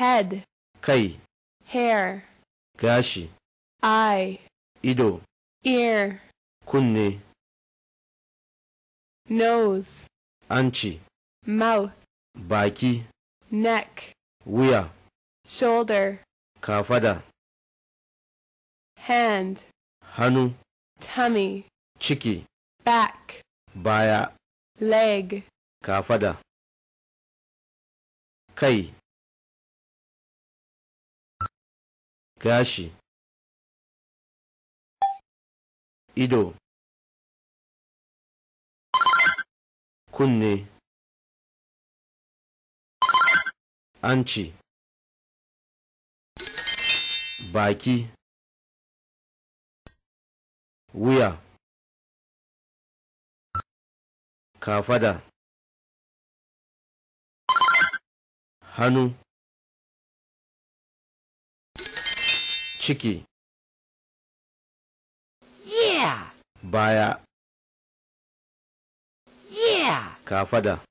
head kai hair gashi eye ido ear kunne nose Anchi. mouth baki neck wuya shoulder kafada hand Hanu. tummy Chiki. back baya leg kafada kai gashi ido kunne anci baki wuya kafada hannu ciki yeah baya yeah kafada